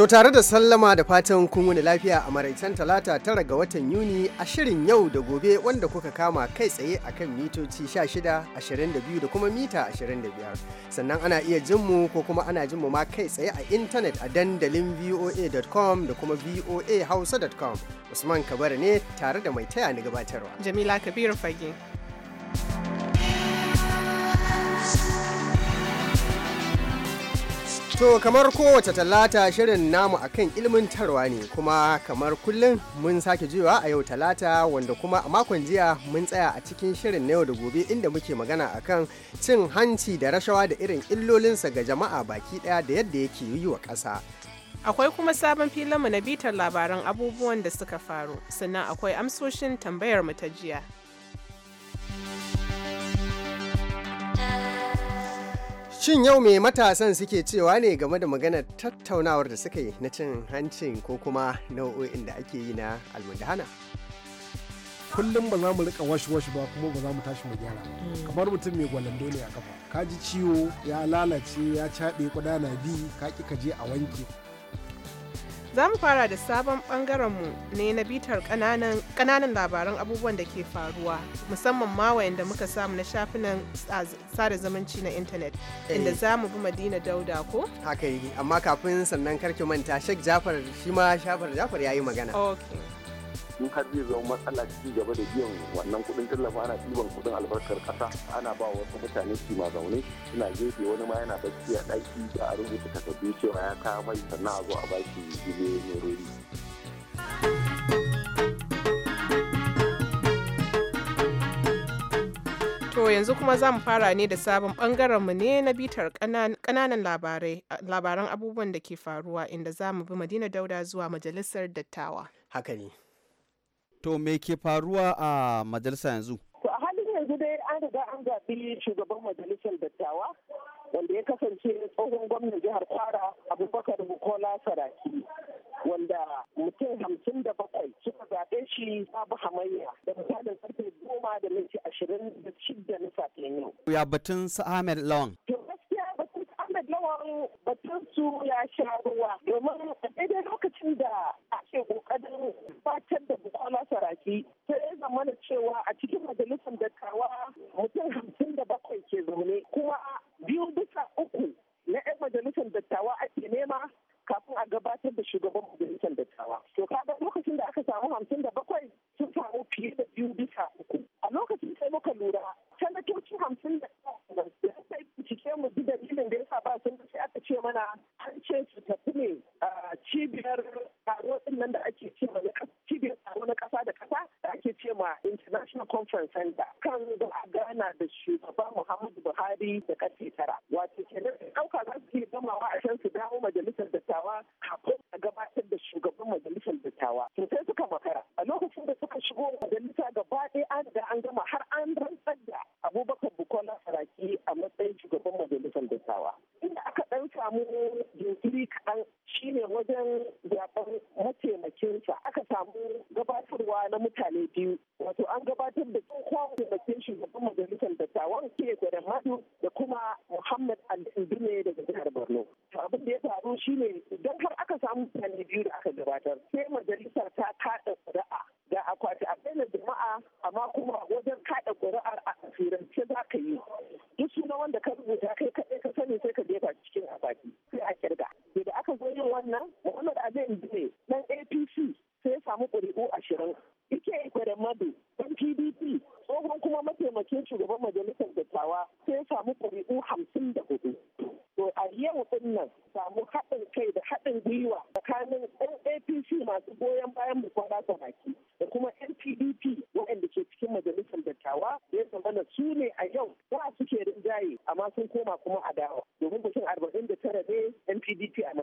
To tare da sallama da fatan kun wani lafiya a maraicen talata tara ga watan Yuni ashirin yau da gobe wanda kuka kama kai tsaye a kan mitoci 16, 22 da kuma mita 25. Sannan ana iya jinmu ko kuma ana jinmu ma kai tsaye a intanet a dandalin voa.com da kuma voahausa.com. Usman Kabara ne tare da mai taya na gabatarwa. Jamila Kabiru Fage. To kamar kowace talata shirin namu akan ilmantarwa ne kuma kamar kullum mun sake jiwa a yau talata wanda kuma a makon jiya mun tsaya a cikin shirin na yau da gobe inda muke magana akan cin hanci da rashawa da irin illolinsa ga jama'a baki daya da yadda yake yi wa ƙasa. Akwai kuma sabon filinmu na bitar labaran abubuwan da suka faru sannan akwai amsoshin tambayar mu ta jiya. Shin yau me matasan suke cewa ne game da maganar tattaunawar da suka yi na cin hancin ko kuma nau'o'in da ake yi na almundahana? kullum ba za mu rika washi washi ba kuma ba za mu tashi mu gyara mm. kamar mutum mai gwalando ne a kafa ka ji ciwo ya lalace ya caɓe kuɗa na bi ka ki ka je a wanke Za mu fara da sabon ɓangarenmu ne na bitar kananan labaran abubuwan da ke faruwa, musamman ma wayanda muka samu na shafinan sada zumunci na intanet, eh. inda za mu bi Madina Dauda ko? Haka yi, amma kafin sannan karki manta Sheikh Jafar shi ma Jafar ya yi magana. in har zai zama matsala ci gaba da biyan wannan kuɗin tallafi ana ɗiban kuɗin albarkar ƙasa ana ba wasu mutane su ma zaune suna gefe wani ma yana bacci a ɗaki da a rubuta takardu cewa ya kawo mai sannan a zo a bashi gibe rori. To yanzu kuma za mu fara ne da sabon mu ne na bitar kananan labaran abubuwan da ke faruwa inda za mu bi Madina Dauda zuwa Majalisar Dattawa. Haka ne. To me ke faruwa a majalisa yanzu? To a halin yanzu dai an riga an zaɓi shugaban majalisar dattawa wanda ya kasance tsohon gwamnan jihar Kwara Abubakar Bukola Saraki wanda mutum hamsin da bakwai suka zaɓe shi babu hamayya da misalin karfe goma da minti ashirin da shida na safiyan yau. Ya batun su Ahmed Lawan. To gaskiya batun su Ahmed Lawan batun su ya sha ruwa domin a daidai lokacin da ake ƙoƙarin fatar da wajen zaɓen mataimakinsa aka samu gabatarwa na mutane biyu wato an gabatar da tsohon mataimakin shugaban majalisar dattawan ke gwada madu da kuma muhammad al ne daga jihar borno abin da ya faru shine idan har aka samu mutane biyu da aka gabatar sai majalisar ta kaɗa ƙuri'a da akwati a da jama'a amma kuma wajen kaɗa ƙuri'ar a asirance za ka yi duk suna wanda ka rubuta kai kaɗai ka sani sai ka jefa cikin akwati sai a kirga da aka zo yin wannan kenan Muhammad Aden Dine dan APC sai ya samu ƙuri'u ashirin. Ike Ikweremadu dan PDP tsohon kuma mataimakin shugaban majalisar dattawa sai ya samu ƙuri'u hamsin da hudu. To a yau din nan samu haɗin kai da haɗin gwiwa tsakanin ɗan APC masu goyon bayan bukwara baki da kuma yan PDP waɗanda ke cikin majalisar dattawa da ya zama su ne a yau ba suke rinjaye amma sun koma kuma adawa domin mutum arba'in da tara ne ɗan PDP a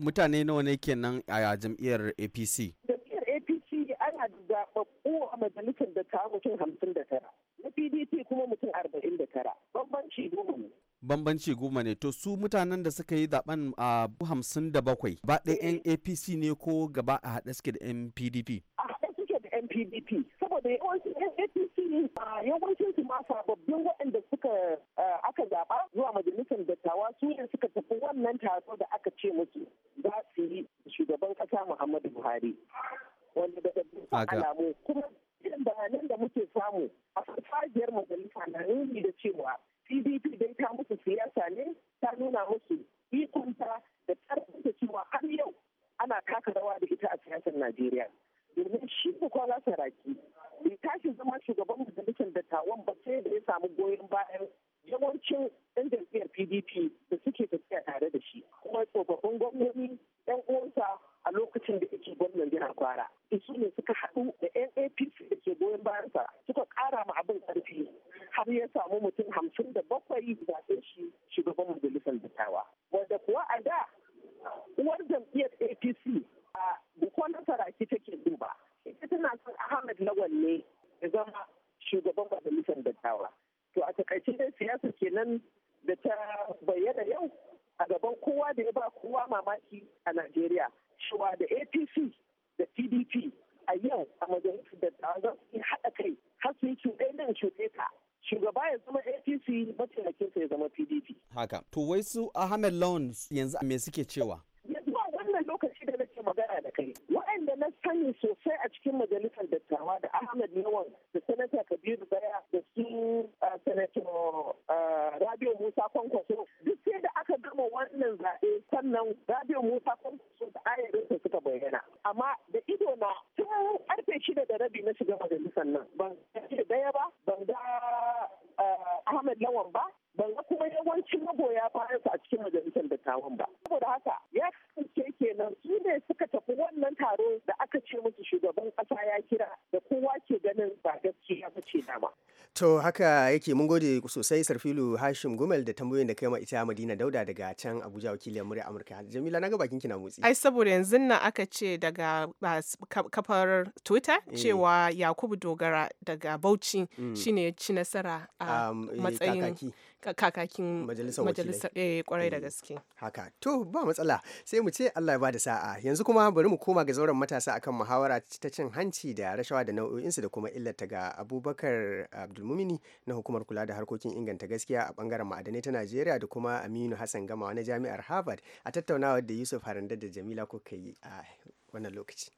mutane nawa ne kenan a jam'iyyar apc jam'iyyar apc ana zaɓaɓɓu a majalisar da ta mutum hamsin da tara na pdp kuma mutum arba'in da tara bambanci goma ne bambanci goma ne to su mutanen da suka yi zaben a hamsin da bakwai ba ɗaya yan eh. apc ne ko gaba a haɗe suke da yan pdp a haɗe suke da yan pdp alamu kuma irin bayanan da muke samu a farfajiyar majalisa na nuni da cewa pdp dai ta musu siyasa ne ta nuna musu ikonta da da cewa har yau ana taka rawa da ita a siyasar najeriya domin shi bukola saraki bai tashi zama shugaban majalisar dattawan ba sai da ya samu goyon bayan yawancin 'yan jam'iyyar pdp su Ahmed Lawan yanzu me suke cewa? Zuwa wannan lokaci da nake magana da kai, waɗanda na sani sosai a cikin majalisar dattawa da Ahmed Lawan da Sanata To haka yake mun gode sosai Sarfilu Hashim Gumel da tambayoyin da kai ma ita Madina Dauda daga can Abuja wakiliyar murya Amurka. Jamila na ga bakin na motsi. Ai saboda yanzu nan aka ce daga ah, kafar Twitter eh. cewa Yakubu Dogara daga Bauchi mm. shine ya ci nasara a eh, matsayin kakakin majalisar eh, kwarai da eh, gaske haka to ba matsala sai mu ce Allah ya bada sa'a yanzu kuma bari mu koma ga zauren matasa akan muhawara ta cin hanci da rashawa da nau'o'insu da kuma illata ga Abubakar Abdulmumini na hukumar kula da harkokin inganta gaskiya a bangaren ma'adanai ta Najeriya da kuma Aminu Hassan Gamawa na Jami'ar Harvard a tattaunawar da Yusuf Harandar da Jamila kuka yi a wannan lokaci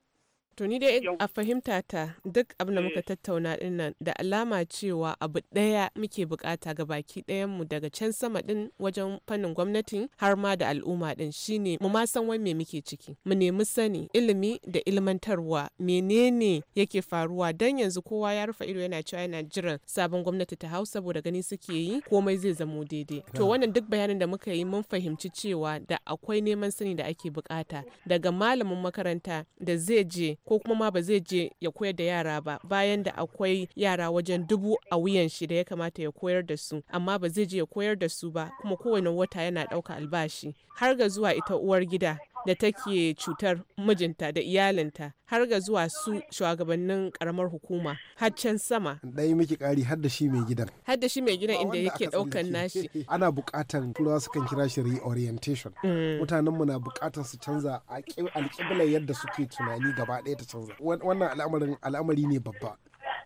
To ni dai a fahimta ta duk abin da muka mm. tattauna din nan da alama cewa abu ɗaya muke bukata ga baki mu daga can sama din wajen fannin gwamnatin har ma da al'umma din shine mu ma san wani me muke ciki. Mu nemi sani ilimi da ilmantarwa menene yake faruwa dan yanzu kowa ya rufe ido yana cewa yana jiran sabon gwamnati ta hau saboda gani suke yi komai zai zamo daidai. To wannan duk bayanin da muka yi mun fahimci cewa da akwai neman sani da ake bukata daga malamin makaranta da zai je ko kuma ma ba zai je ya koyar da yara ba bayan da akwai yara wajen dubu a wuyan shi da ya kamata ya koyar da su amma ba zai je ya koyar da su ba kuma kowane wata yana ɗauka albashi har ga zuwa ita uwar gida da take cutar mijinta da iyalinta har ga zuwa su shugabannin karamar hukuma can sama ɗaya miki ƙari har da shi mai gidan har da shi mai gidan inda yake ɗaukan nashi ana buƙatan turawa su kan kira shi reorientation mm. mutanen mu na buƙatan su canza alƙiblar yadda suke tunani gaba ɗaya ta canza wannan al'amarin al'amari ne babba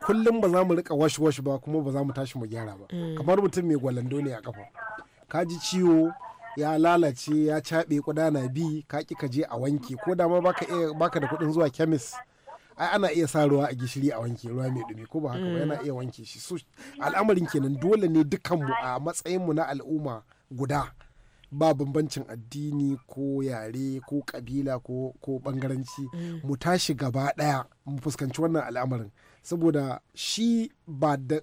kullum ba za mu rika wash wash ba kuma ba za mu tashi mu gyara ba mm. kamar mutum mai gwalando ne a kafa ka ji ciwo ya lalace ya caɓe na bi ka ki ka je a wanke ko da ma baka iya baka da kuɗin zuwa kemis ai ana iya sa ruwa a gishiri a wanke ruwa mai dumi ko ba haka ba mm. yana iya wanke shi su al'amarin kenan dole ne dukkan mu a matsayin mu na al'umma guda ba bambancin addini ko yare ko kabila ko ko bangaranci mm. mu tashi gaba daya mu fuskanci wannan al'amarin saboda shi ba da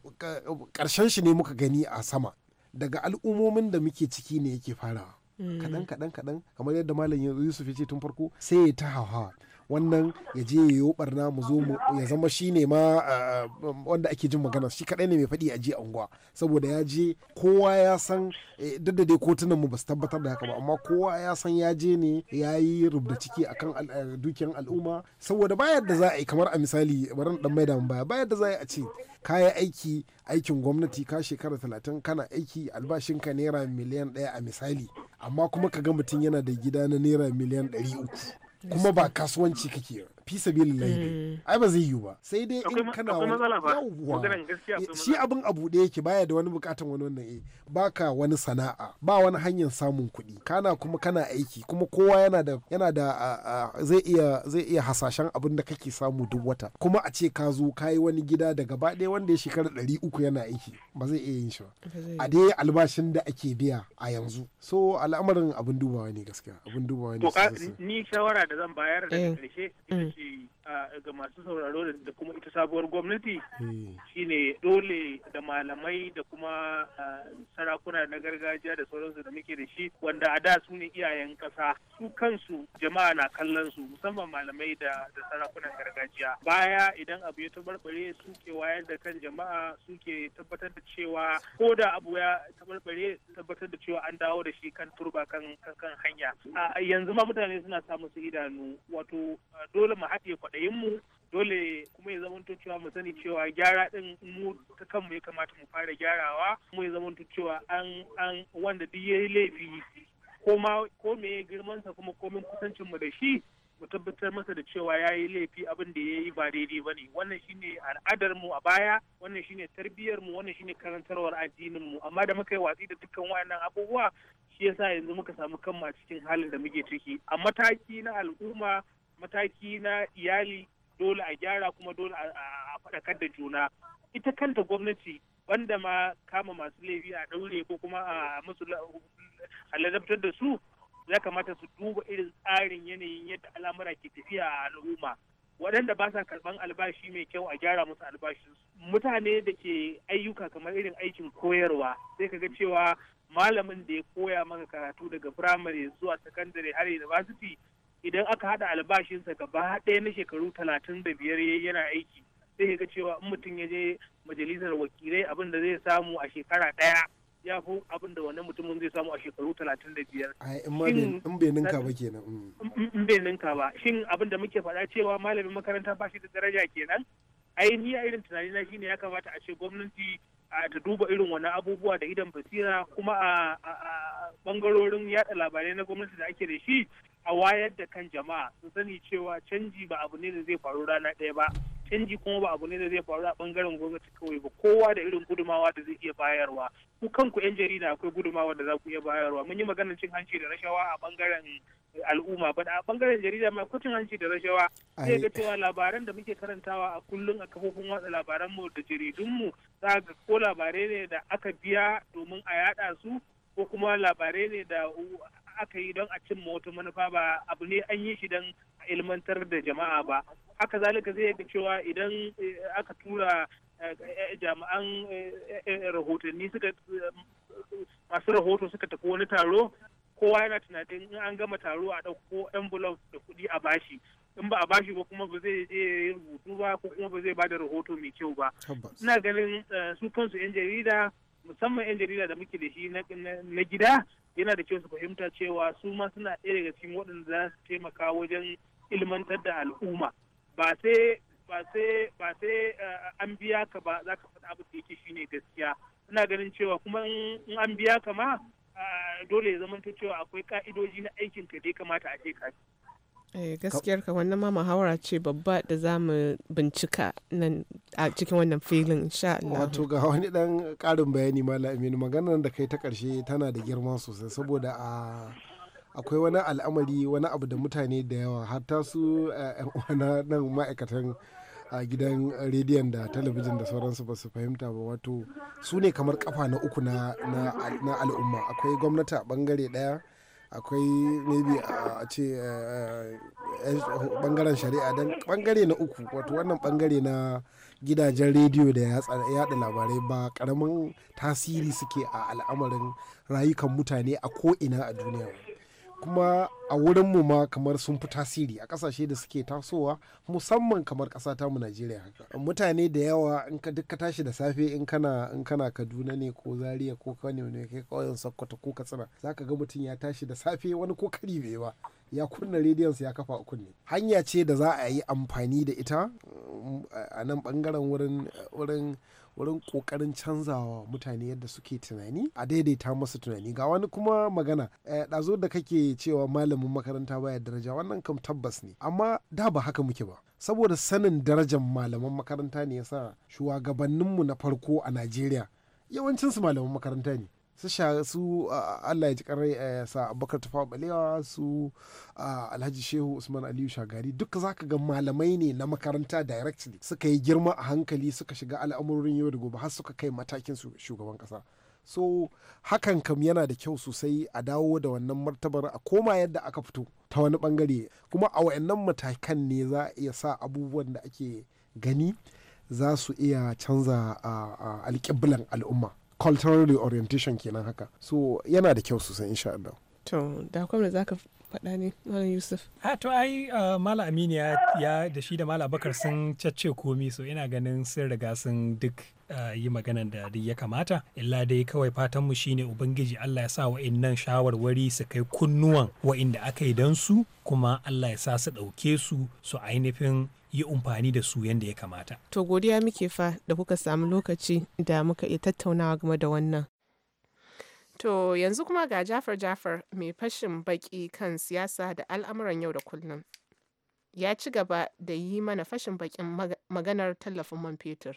karshen shi ne muka gani a sama daga al'ummomin da muke ciki ne yake farawa mm. kaɗan kaɗan kaɗan kamar yadda malam yusuf ya ce tun farko sai ya ta hawa wannan ya je ya barna mu zo mu ya zama shi ne ma wanda ake jin magana shi kaɗai ne mai faɗi a je unguwa saboda ya je kowa ya san eh, duk da dai kotunan mu ba su tabbatar da haka ba amma kowa ya san ya je ne ya yi rubda ciki a kan eh, dukiyar al'umma saboda ba yadda za a yi kamar a misali bari ɗan mai damun baya ba yadda za a ce ka yi aiki aikin gwamnati ka shekara talatin kana aiki albashin ka naira miliyan ɗaya a misali amma kuma ka ga mutum yana da gida na naira miliyan ɗari uku kuma ba kasuwanci kake fi sabilillahi ne eh. ai ba zai yi ba sai dai in kana wani yawwa shi abin abu ɗaya yake baya da wani bukatan wani wannan eh baka wani sana'a ba wani hanyar samun kuɗi kana kuma kana aiki kuma kowa yana da yana da zai iya zai iya hasashen abin da kake samu duk wata kuma a ce ka zo kai wani gida da gaba ɗaya wanda ya shekara ɗari uku yana aiki ba zai iya yin shi ba a dai albashin da ake biya a yanzu so al'amarin abin dubawa ne gaskiya abin dubawa ne ni shawara da zan bayar da eh. ƙarshe mm. ce ga masu sauraro da kuma ita sabuwar gwamnati hmm. shine dole da malamai da kuma sarakuna na gargajiya da sauransu da muke da shi wanda a da su ne iyayen kasa su kansu jama'a na kallon su musamman malamai da sarakunan gargajiya baya idan abu ya tabarbare su ke wayar da kan jama'a su ke tabbatar da cewa ko da abu ya tabarbare tabbatar da cewa an dawo da shi kan turba kan hanya yanzu ma mutane suna samun su idanu wato dole mu haɗe mu dole kuma ya zamanto cewa mu sani cewa gyara din mu ta kanmu ya kamata mu fara gyarawa kuma ya zamanto cewa an an wanda duk yi laifi ko ma ko me girmansa kuma komin kusancin mu da shi mu tabbatar masa da cewa ya yi laifi abin da ya yi ba daidai ba ne wannan shine al'adar mu a baya wannan shine tarbiyyar mu wannan shine karantarwar addinin mu amma da muka yi watsi da dukkan wayannan abubuwa shi yasa yanzu muka samu kanmu a cikin halin da muke ciki a mataki na al'umma mataki na iyali dole a gyara kuma dole a faɗakar da juna ita kanta gwamnati banda ma kama masu laifi a ɗaure ko kuma a musu ladabtar da su ya kamata su duba irin tsarin yanayin yadda al'amura ke tafiya a al'umma waɗanda ba sa karɓan albashi mai kyau a gyara musu albashi mutane da ke ayyuka kamar irin aikin koyarwa sai ka ga cewa malamin da ya koya maka karatu daga firamare zuwa sakandare har university idan aka haɗa albashinsa gaba ɗaya na shekaru talatin da biyar yana aiki sai ga cewa in mutum ya je majalisar wakilai abin da zai samu a shekara ɗaya ya fi abin da wannan mutumin zai samu a shekaru talatin da biyar. in bai ninka ba kenan. Mm. in bai ninka ba shin abin da muke faɗa cewa malamin makaranta ba shi da daraja kenan ainihi a irin tunani na shine ya kamata a ce gwamnati ta duba irin wani abubuwa da idan basira kuma a bangarorin yada labarai na gwamnati da ake da shi a wayar da kan jama'a su sani cewa canji ba abu ne da zai faru rana ɗaya ba canji kuma ba abu ne da zai faru a bangaren gwamnati kawai ba kowa da irin gudumawa da zai iya bayarwa ku kanku yan jarida akwai gudumawa da za ku iya bayarwa mun yi maganar cin hanci da rashawa a bangaren al'umma ba a bangaren jarida ma ko hanci da rashawa zai ga cewa labaran da muke karantawa a kullum a kafofin watsa labaran mu da jaridun mu za ga ko labarai ne da aka biya domin a yada su ko kuma labarai ne da aka yi don a cin wata manufa ba abu ne an yi shi don ilmantar da jama'a ba haka zalika zai ga cewa idan eh, aka tura eh, eh, jami'an rahotanni suka masu rahoto suka tafi wani taro kowa yana tunanin in an gama taro a ɗauko envelope da kuɗi a bashi in ba a bashi ba kuma ba zai je rubutu ba ko kuma ba zai bada rahoto mai kyau ba ina ganin su kansu yan jarida musamman yan jarida da muke da shi na gida yana da kyau su fahimta cewa su ma suna ɗaya daga cikin waɗanda za su taimaka wajen ilmantar da al'umma ba sai ba sai ba sai eh, an biya ka ba za ka faɗa abu da yake ne gaskiya ina ganin cewa kuma in an biya ka ma eh, dole ya zamanta cewa akwai ka'idoji na aikin ka da kamata a ka Eh, gaskiyar ka wannan ma muhawara ce babba da za mu bincika nan a cikin wannan filin insha Allah. Wato ga wani dan karin bayani Malam Aminu maganar da kai ta karshe tana da girma sosai saboda a akwai wani al'amari wani abu da mutane da yawa hatta su eh, wani nan ma'aikatan a gidan rediyon da talabijin da sauransu ba su fahimta ba wato su ne kamar kafa na uku na al'umma akwai gwamnati a bangare daya akwai maybe uh, a ce bangaren uh, uh, shari'a don bangare na uku wato wannan bangare na gidajen rediyo da yada labarai ba karamin tasiri suke a al'amarin rayukan mutane a ko'ina a duniya kuma a wurinmu ma kamar sun fi tasiri a kasashe da suke tasowa musamman kamar ƙasa ta mu Najeriya haka mutane da yawa in ka duk ka tashi da safe in kana in kana Kaduna ne ko Zariya ko Kano ne kai kauyen Sokoto ko Katsina za ka ga mutum ya tashi da safe wani ko kari bai ba ya kunna rediyonsa ya kafa a kunne hanya ce da za a yi amfani da ita mm, a nan bangaren wurin wurin wurin kokarin canzawa mutane yadda suke tunani a daidaita masu tunani ga wani kuma magana eh, ɗazo da kake cewa malamin makaranta baya daraja wannan kam tabbas ne amma da ba haka muke ba saboda sanin darajar malaman makaranta ne yasa shugabanninmu na farko a najeriya yawancinsu malaman makaranta ne su sha su Allah ya ji karai eh, sa abubakar tafa balewa su alhaji shehu usman aliyu shagari duka zaka ga malamai ne na makaranta directly suka yi girma a hankali suka shiga al'amurorin yau da gobe har suka kai matakin shugaban kasa so hakan kam yana da kyau sosai a dawo da wannan martabar a koma yadda aka fito ta wani bangare kuma a wayannan matakan ne za a iya sa abubuwan da ake gani za su iya canza alƙiblan al'umma cultural orientation kenan haka so yana da kyau sosai insha Allah to da kuma za ka faɗa ne malam yusuf ha to ai uh, malam aminu ya da shi da malam bakar sun cacce komi so ina ganin sun riga sun duk uh, yi maganan da duk ya kamata illa dai kawai fatan mu shine ubangiji Allah ya sa wa'annan shawarwari su kai kunnuwan wa'inda aka yi dan su kuma Allah ya sa su ɗauke su su ainihin yi umfani da su yadda ya kamata. To godiya muke fa da kuka samu lokaci da muka iya tattaunawa game da wannan. To yanzu kuma ga Jafar Jafar mai fashin baki kan siyasa da al'amuran yau da kullum. Ya ci gaba da yi mana fashin bakin maganar tallafin man fetur.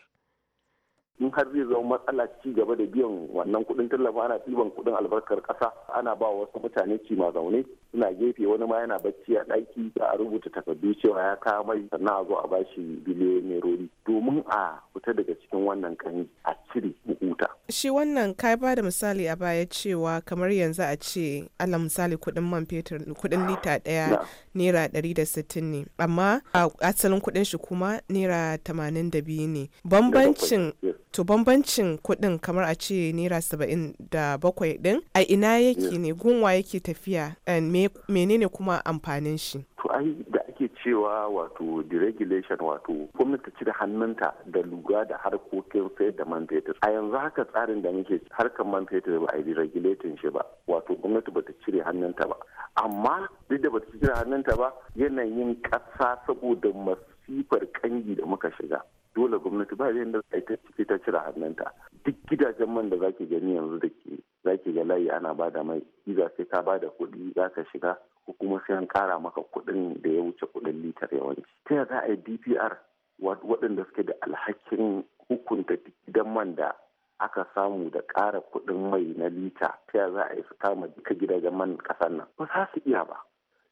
in har zai zama matsala ci gaba da biyan wannan kuɗin tallafa ana ɗiban kuɗin albarkar ƙasa ana ba wasu mutane ci ma zaune suna gefe wani ma yana bacci a ɗaki a rubuta takardu cewa ya kawo mai sannan a zo a ba shi biliyoyin rori domin a fita daga cikin wannan kanyi a cire buhuta. shi wannan ka ba da misali a baya cewa kamar yanzu a ce ala misali kuɗin man fetur kuɗin lita ɗaya naira ɗari da sittin ne amma asalin kuɗin shi kuma naira tamanin da biyu ne bambancin to bambancin kuɗin kamar a ce naira saba'in da bakwai ɗin a ina yake ne gunwa yake tafiya eh, menene kuma amfanin shi to ai da ake cewa wato deregulation wato gwamnati cire hannunta da lura da harkokin sayar da man fetur a yanzu haka tsarin da muke harkar man fetur ba a yi deregulating shi ba wato gwamnati bata cire hannunta ba amma duk da bata cire hannunta ba yanayin ƙasa saboda masifar kangi da muka shiga dole gwamnati ba yadda za ta ciki ta cire hannunta duk gidajen man da zaki gani yanzu da ke zaki ga layi ana bada mai iza sai ka bada kuɗi za ka shiga ko kuma sai an kara maka kuɗin da ya wuce kuɗin litar yawanci ta ya za a yi dpr waɗanda suke da alhakin hukunta duk gidan man da aka samu da ƙara kuɗin mai na lita ta ya za a yi su kama duka gidajen man ƙasar nan ba za su iya ba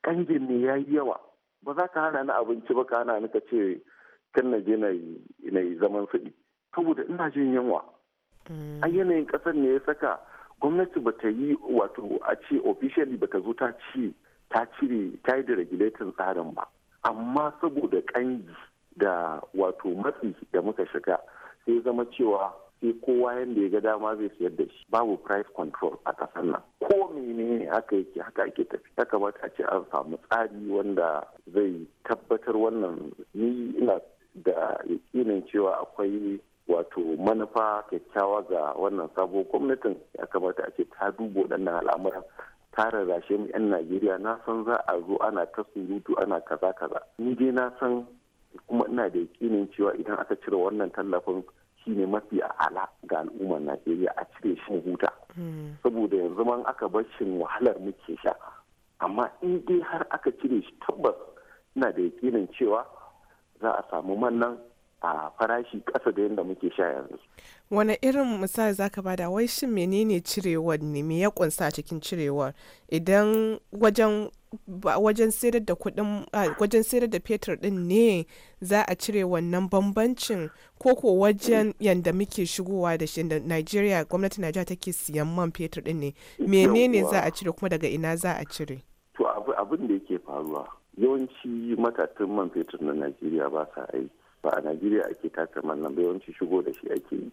ƙangin ne ya yi yawa ba za ka hana ni abinci ba ka hana ni ka ce kan na je na yi zaman saɗi saboda ina jin yunwa mm. a yanayin ƙasar ne ya saka gwamnati ba ta yi wato a ce officially ba ta zo ta ci ta cire ta yi da regulatin tsarin ba amma saboda ƙangi da wato matsi da muka shiga sai zama cewa sai kowa yadda ya ga dama zai sayar da shi babu price control a kasar nan ko ne haka yake haka ake tafi ya kamata a ce an samu tsari wanda zai tabbatar wannan ni ina da yakinin cewa akwai wato manufa kyakkyawa ga wannan sabo gwamnatin ya kamata a ce ta duba waɗannan al'amuran ta rarrashe mu 'yan najeriya na san za a zo ana ta surutu ana kaza kaza ni dai na san kuma ina da yakinin cewa idan aka cire wannan tallafin shi ne mafi a'ala ga al'ummar najeriya a cire shi huta hmm. saboda yanzu man aka bar shi wahalar muke sha amma in dai har aka cire shi tabbas ina da yakinin cewa za a samu man a farashi ƙasa da yadda muke sha yanzu. Wani irin misali zaka bada wai shin menene cirewar ne me ya kunsa cikin cirewar idan wajen wajen sayar da fetur din ne za a cire wannan bambancin ko ko wajen yadda muke shigowa da shi da Najeriya gwamnatin Najeriya take siyan man fetur din ne menene za a cire kuma daga ina za a cire to abin da yake faruwa yawanci matatan man fetur na najeriya ba sa aiki ba a najeriya ake taka man nan yawanci shigo da shi ake yi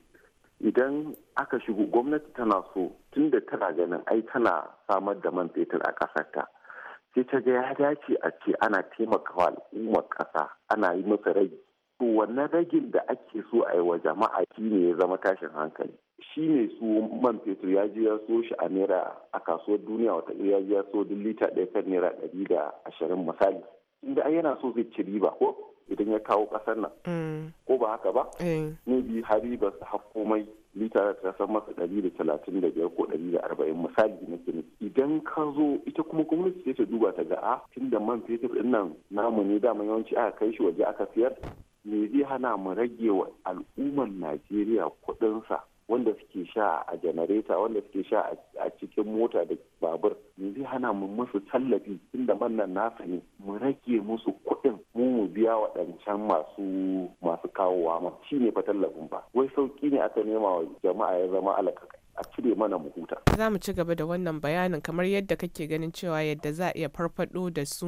idan aka shigo gwamnati tana so tun da tana ganin ai tana samar da man fetur a ta. sai ta ga ya dace a ce ana taimakawa al'ummar ƙasa ana yi masa rage to wannan ragin da ake so a yi wa jama'a shine ya zama tashin hankali shi ne su man fetur ya ji ya so shi a naira a kasuwar duniya wata ya ji ya so duk lita ɗaya kan naira ɗari da ashirin misali inda ai yana so zai ci riba ko idan ya kawo ƙasar nan mm. ko ba haka ba ne eh. bi hari ba su hakko mai lita ta san masa ɗari da talatin da biyar ko ɗari da arba'in misali na kini idan ka zo ita kuma gwamnati ce ta duba ta ga a ah, tunda man fetur ɗin nan namu ne dama yawanci aka kai shi waje aka siyar me zai hana mu rage wa al'ummar najeriya kuɗinsa wanda suke sha a janareta wanda suke sha a cikin mota da babur zai hana mu musu tallafi tunda man nan nasa ne mu rage musu kuɗin mu mu biya waɗancan masu masu kawowa ma shi ne fa tallafin ba wai sauƙi ne aka nema wa jama'a ya zama alakaka a cire mana mu huta. Za mu ci gaba da wannan bayanin kamar yadda kake ganin cewa yadda za a iya farfado da su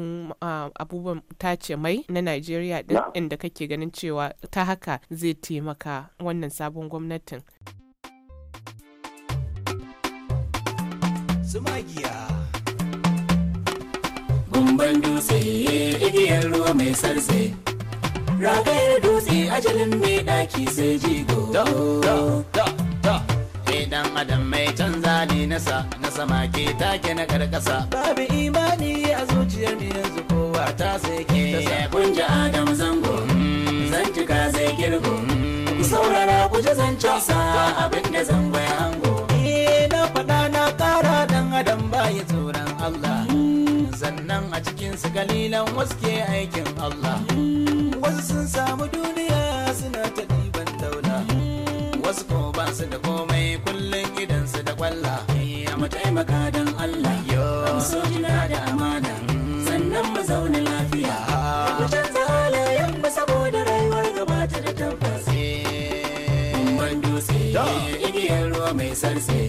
abubuwan tace mai na Najeriya din inda kake ganin cewa ta haka zai taimaka wannan sabon gwamnatin. masu magiya. Gumban dutse igiyar ruwa mai sarse. Ragayar dutse ajalin mai daki sai jigo. Idan adam mai canza ne nasa na sama ke take na karkasa. Babu imani a zuciyar mai yanzu kowa ta sai ke tasa. Kun ji Adam zango, mm, zan cika sai kirgo. Mm. Ku saurara ku ji zancen sa abin da zango ya hango. nan a cikinsu galilan wasu ke aikin Allah. Wasu sun samu duniya suna ta ɗiban daula. Wasu ko ba su da komai kullum idansu da kwalla. Ya mu taimaka don Allah. Yo. jina da amana. Sannan mu zauna lafiya. Mu canza halayen saboda rayuwar ta da tabbas. Eh. Mun dutse. Igiyar ruwa mai sarse.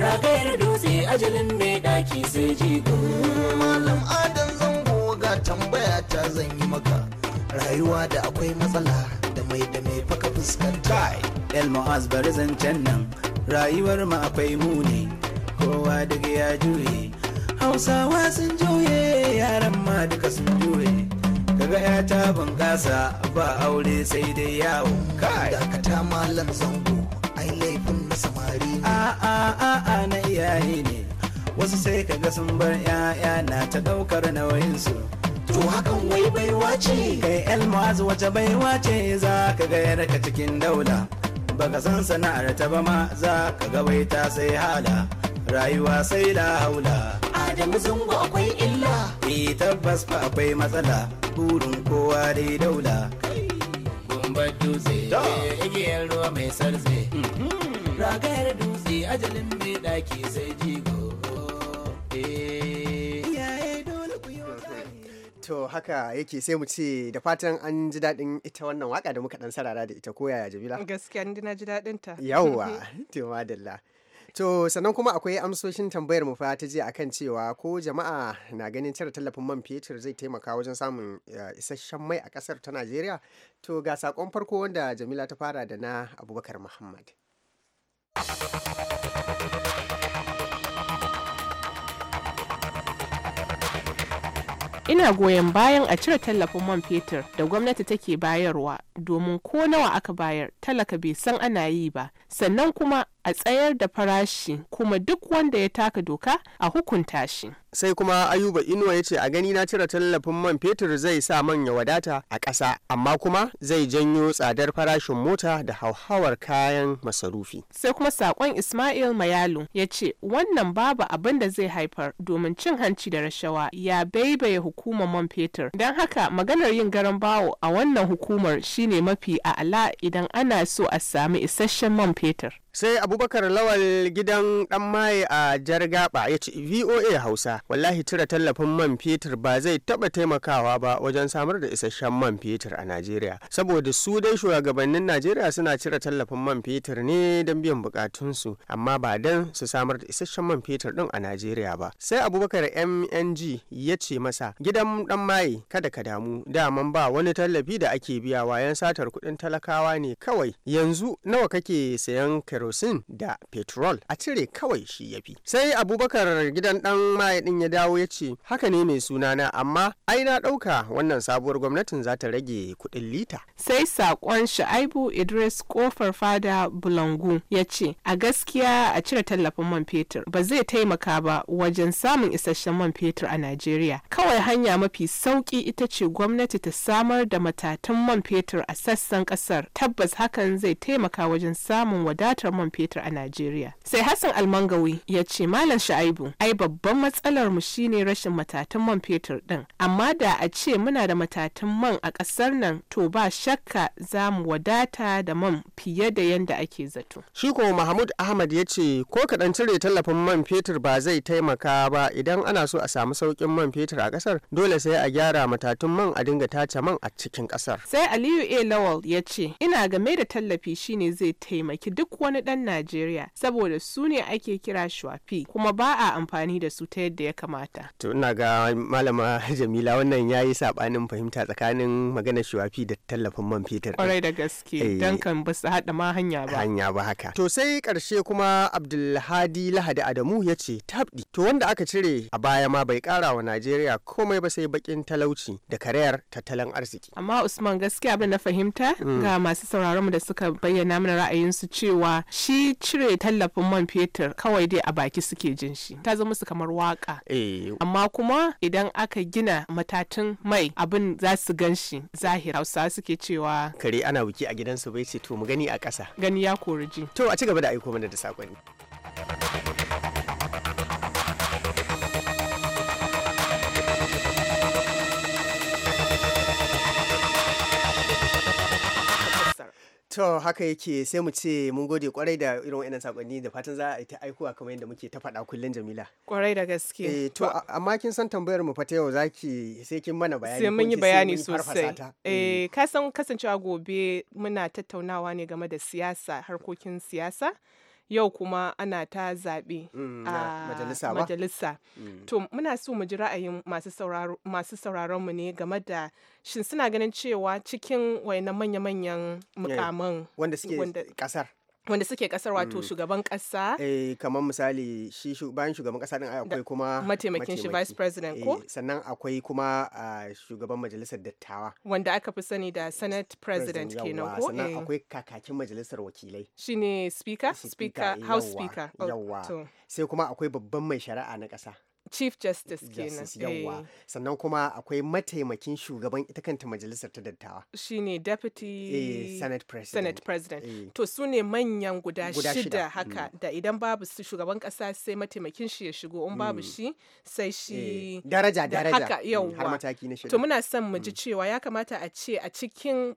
ragayar dutse ajalin mai daki sai jigo malam adam zango ga tambaya ta zan yi maka rayuwa da akwai matsala da mai da mai faka fuskanta el mu'az bari zancen nan rayuwar mu akwai muni kowa daga ya juye hausawa sun juye yaran ma duka sun juye kaga gaya ta bunƙasa ba aure sai dai yawo kai dakata malam zango a'a na iyaye ne wasu sai kaga sun bar 'ya'ya na ta ɗaukar nauyinsu to hakan wai baiwa ce kai elmaz wace baiwa ce za ka ga yarka cikin daula baka san sana'ar ta ba ma za ka ga wai ta sai hala rayuwa sai la haula adamu zango akwai illa eh tabbas fa akwai matsala burin kowa dai daula gumbar dutse igiyar ruwa mai sarze mm-hmm. ragayar dutse ajalin mai ɗaki sai jigo eh. To haka yake sai mu ce da fatan an ji daɗin ita wannan waka da muka ɗan sarara da ita koyaya Jamila. Gaskiya ni na ji daɗin ta. Yawwa, to madalla. To sannan kuma akwai amsoshin tambayar mu fa ta jiya akan cewa ko jama'a na ganin cire tallafin man fetur zai taimaka wajen samun eh, isasshen mai a kasar ta Najeriya? To ga sakon farko wanda Jamila ta fara da na Abubakar Muhammad. ina goyon bayan a cire tallafin man fetur da gwamnati take bayarwa domin ko nawa aka bayar talaka bai san ana yi ba sannan kuma a tsayar da farashi kuma duk wanda ya taka doka a hukunta shi. Sai kuma Ayuba Inuwa ya ce a gani na cire tallafin man fetur zai sa man ya wadata a ƙasa amma kuma zai janyo tsadar farashin mota da hauhawar kayan masarufi. Sai kuma saƙon Ismail Mayalu ya ce wannan babu abin da zai haifar domin cin hanci da rashawa ya baibaye hukumar man fetur. Don haka maganar yin garan bawo a wannan hukumar shine mafi a'ala idan ana so a sami isasshen man fetur. sai abubakar lawal gidan dan maye a gaba ya ce voa hausa wallahi cire tallafin man fetur ba zai taba taimakawa ba wajen samar da isasshen man fetur a najeriya saboda su dai shugabannin najeriya suna cire tallafin man fetur ne don biyan bukatunsu amma ba don su samar da isasshen man fetur din a najeriya ba sai abubakar mng ya ce masa gidan dan maye kada ka damu daman ba wani tallafi da ake biya wayan satar kuɗin talakawa ne kawai yanzu nawa kake sayan kerosene da petrol a cire kawai shi ya fi sai abubakar gidan dan maye din ya dawo ya ce haka ne mai sunana amma ai na ɗauka wannan sabuwar gwamnatin za ta rage kuɗin lita sai saƙon sha'aibu idris kofar fada bulangu ya ce a gaskiya a cire tallafin man fetur ba zai taimaka ba wajen samun isasshen man fetur a najeriya kawai hanya mafi sauƙi ita ce gwamnati ta samar da matatan man fetur a sassan ƙasar tabbas hakan zai taimaka wajen samun wadatar harkar man fetur a Najeriya. Sai Hassan Almangawi ya ce Malam Sha'ibu, ai babban matsalar mu shine rashin matatan man fetur din. Amma da a ce muna da matatan man a ƙasar nan to ba shakka za mu wadata da man fiye da yanda ake zato. Shi ko Mahmud Ahmad ya ce ko kaɗan cire tallafin man fetur ba zai taimaka ba idan ana so a samu saukin man fetur a ƙasar dole sai a gyara matatun man a dinga tace man a cikin ƙasar. Sai Aliyu A. Lawal ya ce ina game da tallafi shine zai taimaki duk wani wani ɗan Najeriya saboda su ne ake kira shwafi kuma ba a amfani da su ta yadda ya kamata. To ina ga malama Jamila wannan ya yi saɓanin fahimta tsakanin magana shwafi da tallafin man fetur. Kwarai da gaske eh, don kan ba su haɗa ma hanya ba. Hanya ba haka. To sai ƙarshe kuma Abdulhadi Lahadi Adamu ya ce tabɗi. To wanda aka cire a baya ma bai ƙara wa Najeriya komai ba sai baƙin talauci da karayar tattalin arziki. Amma Usman gaskiya abin na fahimta mm. ga masu sauraron mu da suka bayyana mana ra'ayinsu cewa shi cire tallafin man fetur kawai dai a baki suke jin shi ta zama su kamar waka eh. amma kuma idan aka gina matatun mai abin za su gan shi zahir hausa suke cewa kare ana wuki a gidansu bai ce to mu gani a ƙasa gani ya kori ji. to a ci gaba da aiko mana da saƙonni To haka yake sai mu ce mun gode kwarai da irin wa'annan sakonni da fatan za a yi ta aikuwa kamar yadda muke ta faɗa kullum Jamila. Kwarai da gaske. Eh to amma kin san tambayar mu fata yau zaki sai kin mana bayani. Sai mun yi bayani sosai. Eh, eh ka san kasancewa gobe muna tattaunawa ne game da siyasa harkokin siyasa. yau kuma ana ta zaɓe mm, a majalisa, mm. to muna so mu ji ra'ayin masu sauraron mu ne game da shin suna ganin cewa cikin wayannan manya-manyan eh, mukaman wanda suke kasar wanda suke kasar wato mm. shugaban kasa eh kamar misali shi bayan shugaban kasa din akwai kuma mataimakin shi vice president ko eh, sannan akwai kuma shugaban majalisar dattawa wanda aka fi sani da senate president kenan ko sannan eh. akwai kakakin majalisar wakilai shine speaker speaker house speaker oh, yawa sai kuma akwai babban mai shari'a na kasa Chief Justice kenan. yawwa. Eh. Sannan kuma akwai mataimakin shugaban ita kanta majalisar ta dattawa. Shine Deputy eh, Senate President. Senate President. Eh. To su ne manyan guda, guda shida, haka mm. da idan babu su shugaban kasa sai mataimakin shi ya shigo in babu mm. shi sai shi eh. daraja daraja haka yawwa. Mm. Har mataki na shida. To muna son mu ji mm. cewa ya kamata a ce a cikin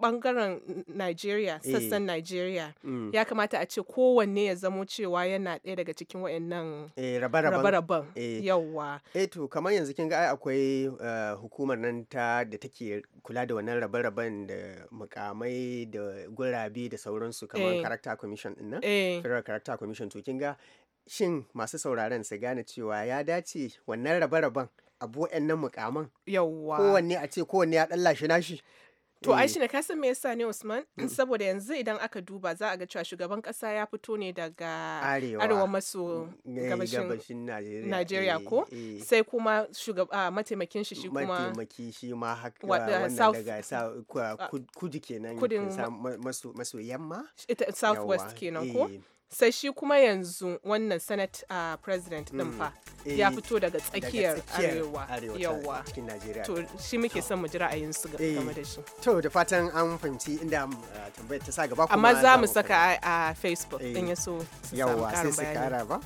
bangaren Nigeria eh. sassan Nigeria mm. ya kamata a ce kowanne ya zamo cewa yana ɗaya daga cikin waɗannan eh, rabe-raben. Eh, yawwa eh to kamar yanzu kin ga ai akwai eh, hukumar nan ta da take kula da wannan rabe-raben da mukamai da gurabe da sauransu kamar eh. character commission din nan federal character commission to kin ga shin masu sauraron su gane cewa ya dace wannan rabe-raben abu nan mukaman yawwa kowanne a ce kowanne ya ɗan lashe nashi To Aisha mm. ka san me yasa ne Usman saboda yanzu idan aka duba za a ga cewa shugaban kasa ya fito ne daga arewa maso mm, eh, gabashin Najeriya ko eh, eh. sai kuma ah, mataimakin shi shi kuma mataimaki shi ma haka wannan daga ah, kudu kenan maso yamma southwest kenan ko sai shi kuma yanzu wannan senate uh, president din mm, fa eh, ya fito daga tsakiyar arewa cikin najeriya to shi muke son mu ji ra'ayinsu eh. game da shi to da fatan an fahimci inda ah, tambayar ta sa gaba kuma amma za mu saka a facebook din eh. ya so su samu sai su kara ba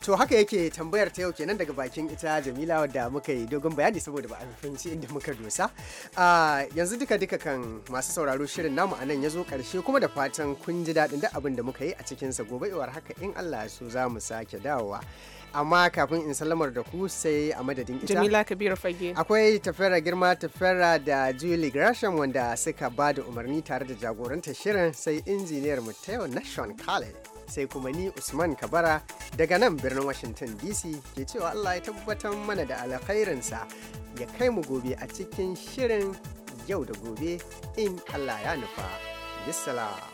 to haka yake tambayar ta yau kenan daga bakin ita jamila wadda muka yi dogon bayani saboda ba an fahimci inda muka dosa ah, yanzu duka duka kan masu sauraro shirin namu anan ya zo karshe kuma da fatan kun ji daɗin duk abin da muka yi a cikin sa gobe iwar haka in Allah ya so za mu sake dawowa. amma kafin in salamar da ku sai a madadin ita jamila kabiru fage akwai tafera girma tafera da julie gresham wanda suka ba da umarni tare da jagoranta shirin sai injiniyar mu ta yau nashon kale sai kuma ni usman kabara daga nan birnin washington dc ke cewa allah ya tabbatar mana da alkhairinsa ya kai mu gobe a cikin shirin yau da gobe in allah ya nufa bisala